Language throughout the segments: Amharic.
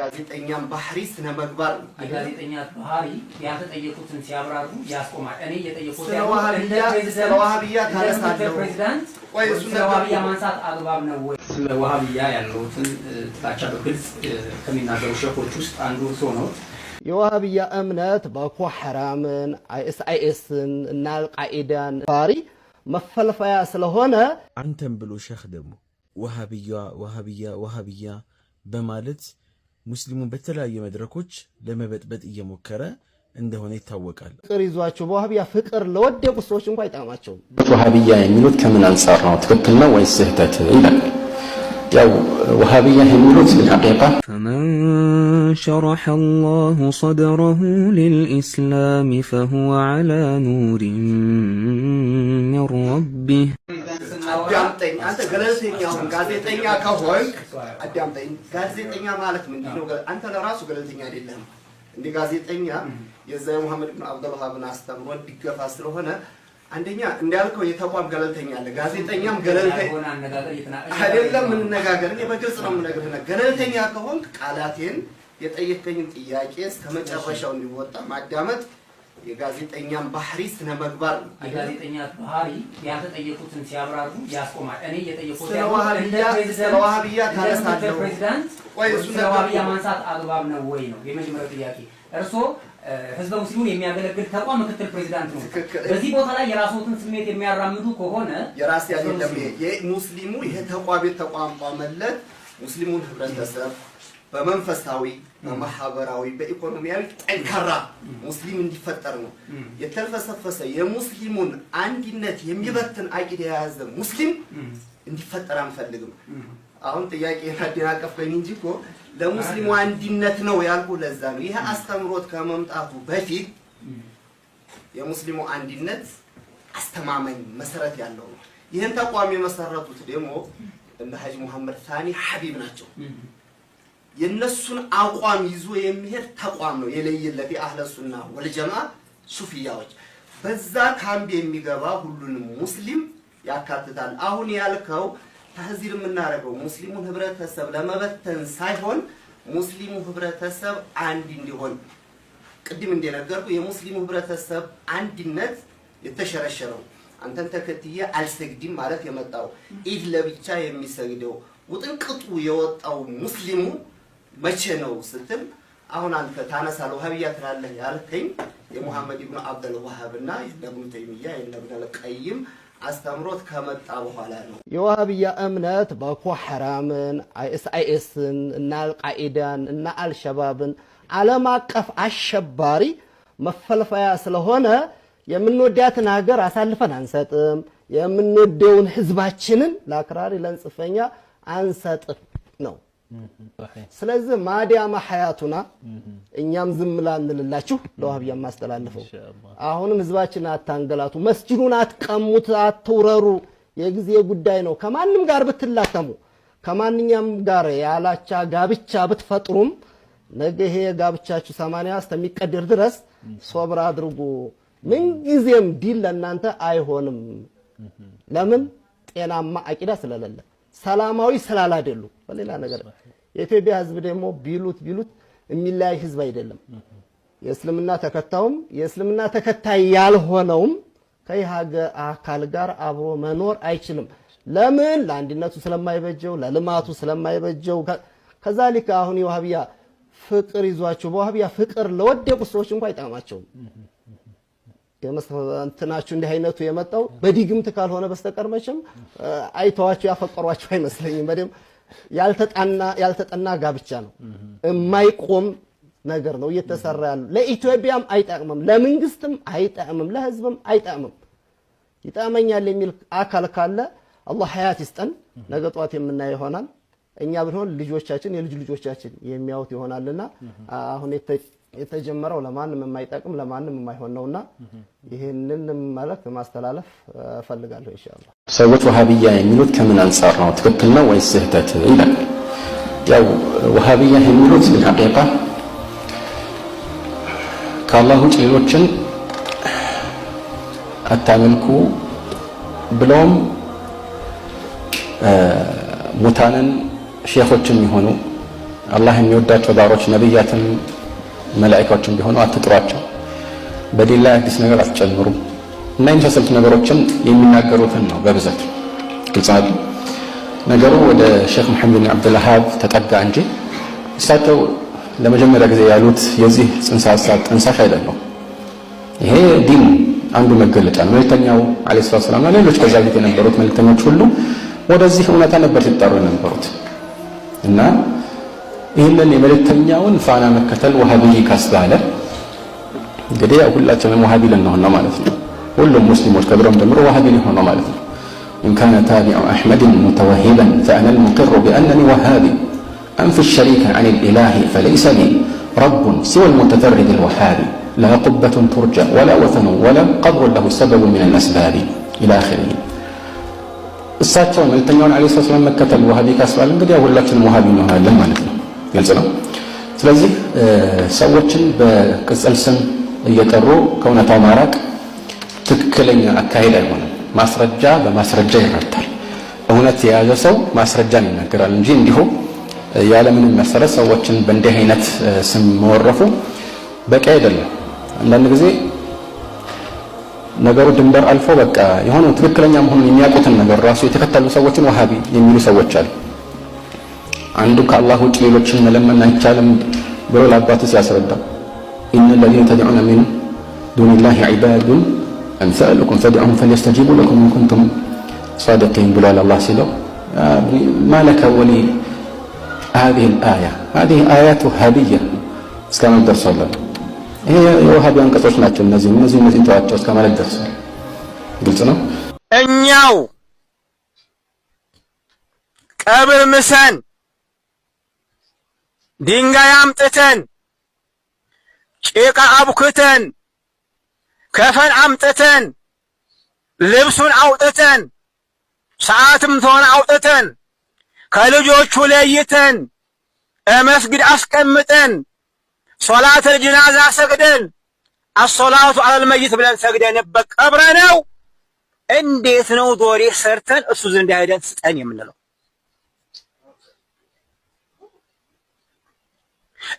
የጋዜጠኛን ባህሪ ስነ ምግባር የጋዜጠኛ ባህሪ ያልተጠየቁትን ሲያብራሩ ያስቆማል። እኔ እየጠየቁት ዋሃብያ ማንሳት አግባብ ነው ወይ? ስለ ዋሃብያ ያለውትን ጥላቻ በግልጽ ከሚናገሩ ሸኮች ውስጥ አንዱ እርሶ ነው። የዋሃብያ እምነት ቦኮ ሐራምን፣ አይኤስአይኤስን እና አልቃኢዳን ባህሪ መፈልፈያ ስለሆነ አንተን ብሎ ሸህ ደግሞ ዋሃብያ ዋሃብያ ዋሃብያ በማለት مسلمون بتلا يمدركوش لما بد بد إيه مكرا عنده هنا يتوقع قريزوا أشوف وهابي لو أدي أبو سوشن قايت أما أشوف وهابي يا ميلوت كم من أنصارنا تقتلنا ويسهت تلا يا فمن شرح الله صدره للإسلام فهو على نور من ربه አዳምጠኝ። አንተ ገለልተኛ ጋዜጠኛ ከሆንክ አዳምጠኝ። ጋዜጠኛ ማለት ምንድን ነው? አንተ ለራሱ ገለልተኛ አይደለም። እንደ ጋዜጠኛ የዛ የሙሐመድ ብን አብዱልዋሃብን አስተምሮ እንዲገፋ ስለሆነ አንደኛ እንዳልከው የተቋም ገለልተኛ አለ፣ ጋዜጠኛም ገለልተኛ አይደለም። እንነጋገር፣ እኔ በግልጽ ነው የምነግርህ። ገለልተኛ ከሆንክ ቃላቴን የጠየቀኝን ጥያቄ እስከ መጨረሻው እንዲወጣ ማዳመጥ የጋዜጠኛን ባህሪ ስነ መግባር ነው። የጋዜጠኛ ባህሪ ያልተጠየቁትን ሲያብራሩ ያስቆማል። እኔ እየጠየቁት ስለዋህብያ ታነሳለሁ። ፕሬዚዳንት ስለዋህብያ ማንሳት አግባብ ነው ወይ ነው የመጀመሪያው ጥያቄ። እርስዎ ህዝበ ሙስሊሙን የሚያገለግል ተቋም ምክትል ፕሬዚዳንት ነው። በዚህ ቦታ ላይ የራስዎትን ስሜት የሚያራምዱ ከሆነ የራስ ያለ ሙስሊሙ ይሄ ተቋም የተቋቋመለት ሙስሊሙን ህብረተሰብ በመንፈሳዊ በማህበራዊ በኢኮኖሚያዊ ጠንካራ ሙስሊም እንዲፈጠር ነው። የተልፈሰፈሰ የሙስሊሙን አንድነት የሚበትን አቂድ የያዘ ሙስሊም እንዲፈጠር አንፈልግም። አሁን ጥያቄ አደናቀፍከኝ እንጂ እኮ ለሙስሊሙ አንድነት ነው ያልኩ ለዛ ነው። ይህ አስተምሮት ከመምጣቱ በፊት የሙስሊሙ አንድነት አስተማመኝ መሰረት ያለው ነው። ይህን ተቋም የመሰረቱት ደግሞ እንደ ሀጂ ሙሐመድ ሳኒ ሀቢብ ናቸው። የነሱን አቋም ይዞ የሚሄድ ተቋም ነው የለየለት የአህለ ሱና ወልጀማ ሱፊያዎች። በዛ ካምፕ የሚገባ ሁሉንም ሙስሊም ያካትታል። አሁን ያልከው ተህዚር የምናደርገው ሙስሊሙን ህብረተሰብ ለመበተን ሳይሆን ሙስሊሙ ህብረተሰብ አንድ እንዲሆን ቅድም እንደነገርኩ የሙስሊሙ ህብረተሰብ አንድነት የተሸረሸረው አንተን ተከትዬ አልሰግድም ማለት የመጣው ኢድ ለብቻ የሚሰግደው ውጥንቅጡ የወጣው ሙስሊሙ መቼ ነው ስትል አሁን አንተ ታነሳለህ ወሃብያ ትላለህ ያልከኝ የሙሐመድ ኢብኑ አብደል ወሃብ እና የኢብኑ ተይሚያ የኢብኑ አልቀይም አስተምሮት ከመጣ በኋላ ነው። የወሃብያ እምነት ቦኮ ሐራምን፣ አይኤስአይኤስን እና አልቃኢዳን እና አልሸባብን ዓለም አቀፍ አሸባሪ መፈልፈያ ስለሆነ የምንወዳትን ሀገር አሳልፈን አንሰጥም። የምንወደውን ህዝባችንን ለአክራሪ ለእንጽፈኛ አንሰጥም ነው ስለዚህ ማዲያማ ሀያቱና እኛም ዝም ላንልላችሁ ለዋህብያ ማስተላልፈው አሁንም ህዝባችን አታንገላቱ፣ መስጂዱን አትቀሙት፣ አትውረሩ። የጊዜ ጉዳይ ነው። ከማንም ጋር ብትላተሙ ከማንኛም ጋር ያላቻ ጋብቻ ብትፈጥሩም ነገ ይሄ ጋብቻችሁ ሰማንያ እስከሚቀድር ድረስ ሶብር አድርጉ። ምንጊዜም ዲል ለእናንተ አይሆንም። ለምን? ጤናማ አቂዳ ስለሌለ ሰላማዊ ስላል አይደሉም። በሌላ ነገር የኢትዮጵያ ህዝብ ደግሞ ቢሉት ቢሉት የሚለያይ ህዝብ አይደለም። የእስልምና ተከታውም የእስልምና ተከታይ ያልሆነውም ከሀገር አካል ጋር አብሮ መኖር አይችልም። ለምን? ለአንድነቱ ስለማይበጀው፣ ለልማቱ ስለማይበጀው። ከዛሊከ አሁን የዋህብያ ፍቅር ይዟቸው በዋህብያ ፍቅር ለወደቁ ሰዎች እንኳ አይጣማቸውም። የመስተናችሁ እንዲህ አይነቱ የመጣው በዲግምት ካልሆነ በስተቀር መቼም አይተዋቸው ያፈቀሯቸው አይመስለኝም። በደም ያልተጣና ያልተጠና ጋብቻ ነው። የማይቆም ነገር ነው እየተሰራ ያለው። ለኢትዮጵያም አይጠቅምም፣ ለመንግስትም አይጠቅምም፣ ለህዝብም አይጠቅምም። ይጠቅመኛል የሚል አካል ካለ አላህ ሀያት ይስጠን። ነገ ጠዋት የምናየው ይሆናል። እኛ ብንሆን ልጆቻችን የልጅ ልጆቻችን የሚያዩት ይሆናልና አሁን የተጀመረው ለማንም የማይጠቅም ለማንም የማይሆን ነውና ይህንን መልእክት ማስተላለፍ እፈልጋለሁ። ኢንሻአላህ ሰዎች ወሃቢያ የሚሉት ከምን አንጻር ነው? ትክክል ነው ወይስ ስህተት ይላል። ያው ወሃቢያ የሚሉት ሐቂቃ ከአላህ ውጭ ሌሎችን አታመልኩ ብለውም ሙታንን ሼኾችም የሆኑ አላህ የሚወዳቸው ባሮች ነብያትን መላእክቶችም ቢሆኑ አትጥሯቸው፣ በዲን ላይ አዲስ ነገር አትጨምሩ እና የመሳሰሉት ነገሮችን የሚናገሩትን ነው በብዛት ግልጽ ነው። ነገሩ ወደ ሼክ መሐመድ ቢን አብዱልሃብ ተጠጋ እንጂ እሳቸው ለመጀመሪያ ጊዜ ያሉት የዚህ ጽንሰ ሐሳብ ጠንሳሽ አይደለም። ይሄ ዲን አንዱ መገለጫ ነው። መልእክተኛው አለይሂ ሰላቱ ሰላም እና ሌሎች ከዛ በፊት የነበሩት መልእክተኞች ሁሉ ወደዚህ እውነታ ነበር ሲጠሩ የነበሩት እና ይህንን የመልእክተኛውን ፋና መከተል ወሃቢ ካስባለ እንግዲህ ሁላችንም ወሃቢ ልንሆን ነው ማለት ነው። ሁሉም ሙስሊሞች ከድሮም ጀምሮ ወሃቢ ሊሆን ነው ማለት ነው። إن كان تابع أحمد متوهبا فأنا المقر بأنني وهابي أنف الشريك عن الإله فليس لي رب سوى المتفرد الوهابي لا قبة ترجى ولا وثن ولا قبر له سبب من الأسباب إلى آخره እሳቸውን መልእክተኛውን ለ ስላት መከተል ውሃቢ ካስባል እንግዲህ ሁላችንም ውሃቢ እንሆናለን ማለት ነው ግልጽ ነው። ስለዚህ ሰዎችን በቅጽል ስም እየጠሩ ከእውነታው ማራቅ ትክክለኛ አካሄድ አይሆንም። ማስረጃ በማስረጃ ይረታል። እውነት የያዘ ሰው ማስረጃን ይናገራል እንጂ እንዲሁ ያለምንም መሰረት ሰዎችን በእንዲህ አይነት ስም መወረፉ በቂ አይደለም። አንዳንድ ጊዜ ነገሩ ድንበር አልፎ በቃ የሆነ ትክክለኛ መሆኑን የሚያውቁትን ነገር ራሱ የተከተሉ ሰዎችን ዋሃቢ የሚሉ ሰዎች አሉ። አንዱ ከአላህ ውጭ ሌሎችን መለመን አይቻልም ብሎ ለአባቱ ሲያስረዳ ኢነ ለዚነ ተድዑነ ሚን ዱኒላሂ ዒባዱን አምሳሉኩም ፈድዑሁም ፈልየስተጂቡ ለኩም ኢን ኩንቱም ሷዲቂን ብሏል። አላህ ሲለው ማለከ ወሊ هذه الآية هذه آيات وهابية እስከ ማለት ደርሷል። ይሄ የውሃቢ አንቀጾች ናቸው። እነዚህ እነዚህ እነዚህ ተዋቸው እስከ ማለት ደርሷል። ግልጽ ነው። እኛው ቀብር ምሰን ድንጋይ አምጥተን ጭቃ አቡክተን ከፈን አምጥተን ልብሱን አውጥተን ሰዓትም ተሆነ አውጥተን ከልጆቹ ለይተን መስጊድ አስቀምጠን ሶላት ልጅናዛ ሰግደን አሶላቱ አለልመይት ብለን ሰግደንበት ቀብረ ነው። እንዴት ነው ዶሬ ሰርተን እሱ ዘንድ ሄደን ስጠን የምንለው?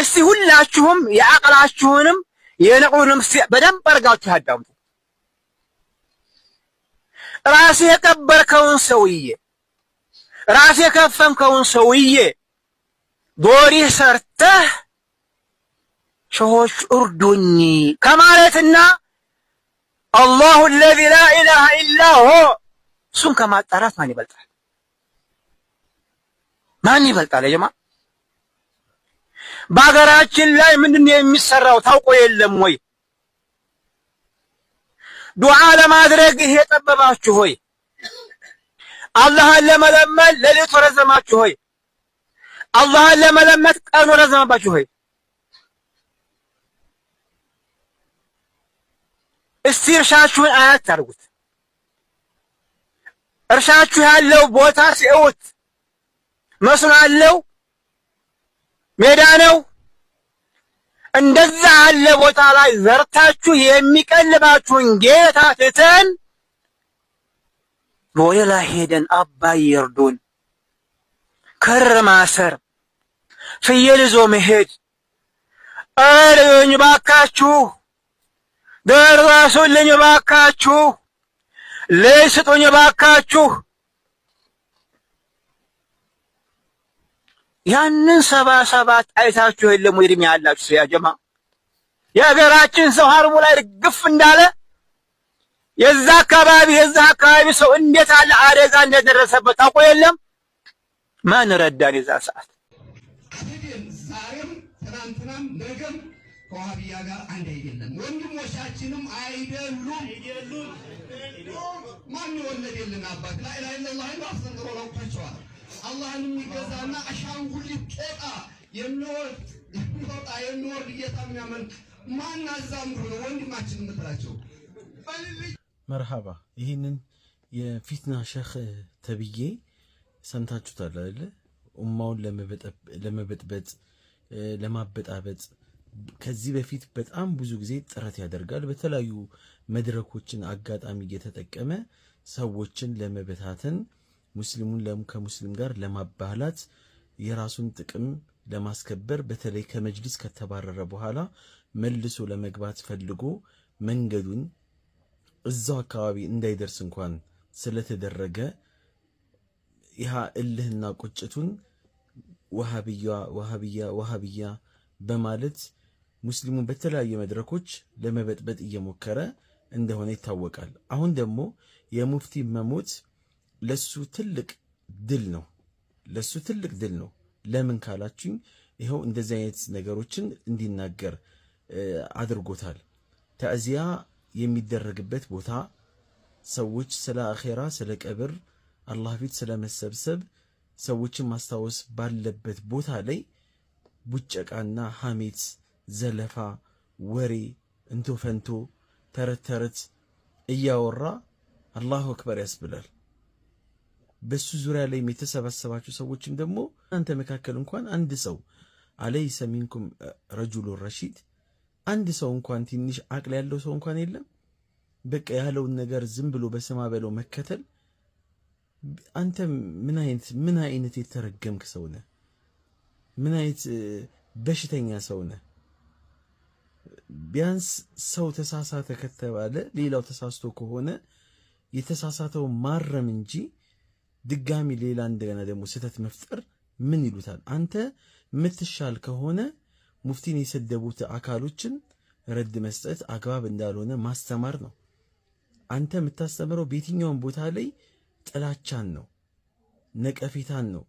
እስቲ ሁላችሁም የአቅላችሁንም የነቁንም በደንብ አድርጋችሁ አዳምጡ። ራሴ የቀበርከውን ሰውዬ ራሴ የከፈንከውን ሰውዬ ዶሪህ ሰርተህ ሸሆች እርዱኝ ከማለትና አላሁ አለዚ ላ ኢላሃ ኢላ ሆ እሱን ከማጣራት ማን ይበልጣል? ማን ይበልጣል የጀማ በሀገራችን ላይ ምንድን ነው የሚሰራው? ታውቆ የለም ወይ? ዱዓ ለማድረግ ይሄ ጠበባችሁ ሆይ? አላህን ለመለመን ሌሊቱ ረዘማችሁ ሆይ? አላህን ለመለመት ቀኑ ረዘመባችሁ ሆይ? እስቲ እርሻችሁን አያት አድርጉት። እርሻችሁ ያለው ቦታ ሲእውት መስኖ አለው ሜዳ ነው። እንደዛ ያለ ቦታ ላይ ዘርታችሁ የሚቀልባችሁን ጌታ ትተን በወሌላ ሄደን አባይ ይርዱን ክር ማሰር ፍየል ይዞ መሄድ እርዩኝ ባካችሁ፣ ደረሱልኝ ባካችሁ፣ ልጅ ስጡኝ ባካችሁ ያንን ሰባ ሰባት አይታችሁ የለም ወይ? እድሜ ያላችሁ ሰው ያጀማ የሀገራችን ሰው ሀርሙ ላይ ግፍ እንዳለ የዛ አካባቢ የዛ አካባቢ ሰው እንዴት አለ አደጋ እንደደረሰበት አውቆ የለም ማን ረዳን? የዛ ሰዓት ዛሬም ትናንትናም ነገም ከዋህብያ ጋር አንድ አይደለም፣ ወንድሞቻችንም አይደሉም። ማን አባት ላይ ለላ አስተምሮ ረብታቸዋል አላህን የሚገዛና አሻንጉሊት ቄጣ የሚወጣ የሚወርድ ጌታ የሚያመልክ ማን አዛምዶ ነው ወንድማችን የምትላቸው? መርሃባ ይህንን የፊትና ሸህ ተብዬ ሰምታችሁታል አይደለ? ኡማውን ለመበጥበጥ ለማበጣበጥ ከዚህ በፊት በጣም ብዙ ጊዜ ጥረት ያደርጋል። በተለያዩ መድረኮችን አጋጣሚ እየተጠቀመ ሰዎችን ለመበታተን ሙስሊሙን ከሙስሊም ጋር ለማባላት የራሱን ጥቅም ለማስከበር በተለይ ከመጅሊስ ከተባረረ በኋላ መልሶ ለመግባት ፈልጎ መንገዱን እዛው አካባቢ እንዳይደርስ እንኳን ስለተደረገ ይህ እልህና ቁጭቱን ወሃብያ ወሃብያ ወሃብያ በማለት ሙስሊሙን በተለያዩ መድረኮች ለመበጥበጥ እየሞከረ እንደሆነ ይታወቃል። አሁን ደግሞ የሙፍቲ መሞት ለሱ ትልቅ ድል ነው። ለሱ ትልቅ ድል ነው። ለምን ካላችሁኝ ይኸው እንደዚህ አይነት ነገሮችን እንዲናገር አድርጎታል። ተእዚያ የሚደረግበት ቦታ ሰዎች ስለ አኼራ፣ ስለ ቀብር፣ አላህ ፊት ስለ መሰብሰብ ሰዎችን ማስታወስ ባለበት ቦታ ላይ ቡጨቃና ሐሜት፣ ዘለፋ፣ ወሬ፣ እንቶ ፈንቶ፣ ተረት ተረት እያወራ አላሁ አክበር ያስብላል። በሱ ዙሪያ ላይ የተሰባሰባችሁ ሰዎችም ደግሞ እናንተ መካከል እንኳን አንድ ሰው አለይሰ ሚንኩም ረጁሉ ረሺድ አንድ ሰው እንኳን ትንሽ አቅል ያለው ሰው እንኳን የለም። በቃ ያለውን ነገር ዝም ብሎ በስማ በለው መከተል። አንተ ምን አይነት ምን አይነት የተረገምክ ሰው ነህ? ምን አይነት በሽተኛ ሰው ነህ? ቢያንስ ሰው ተሳሳተ ከተባለ ሌላው ተሳስቶ ከሆነ የተሳሳተው ማረም እንጂ ድጋሚ ሌላ እንደገና ደግሞ ስህተት መፍጠር ምን ይሉታል? አንተ ምትሻል ከሆነ ሙፍቲን የሰደቡት አካሎችን ረድ መስጠት አግባብ እንዳልሆነ ማስተማር ነው። አንተ የምታስተምረው በየትኛውም ቦታ ላይ ጥላቻን ነው፣ ነቀፌታን ነው።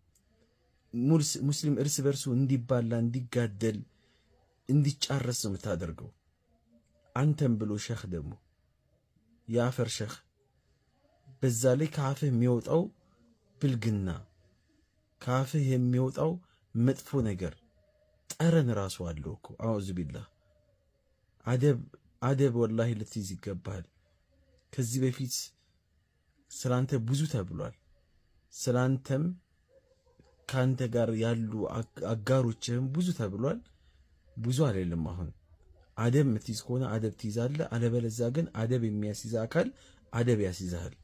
ሙስሊም እርስ በርሱ እንዲባላ፣ እንዲጋደል፣ እንዲጫረስ ነው የምታደርገው። አንተም ብሎ ሸህ ደግሞ የአፈር ሸህ በዛ ላይ ከአፍህ የሚወጣው ብልግና፣ ካፍህ የሚወጣው መጥፎ ነገር ጠረን ራሱ አለው እኮ። አዑዙ ቢላህ አደብ አደብ ወላሂ ልትይዝ ይገባሃል። ከዚህ በፊት ስላንተ ብዙ ተብሏል። ስላንተም ከአንተ ጋር ያሉ አጋሮችህም ብዙ ተብሏል። ብዙ አይደለም። አሁን አደብ የምትይዝ ከሆነ አደብ ትይዛለህ። አለበለዚያ ግን አደብ የሚያስይዝ አካል አደብ ያስይዝሃል።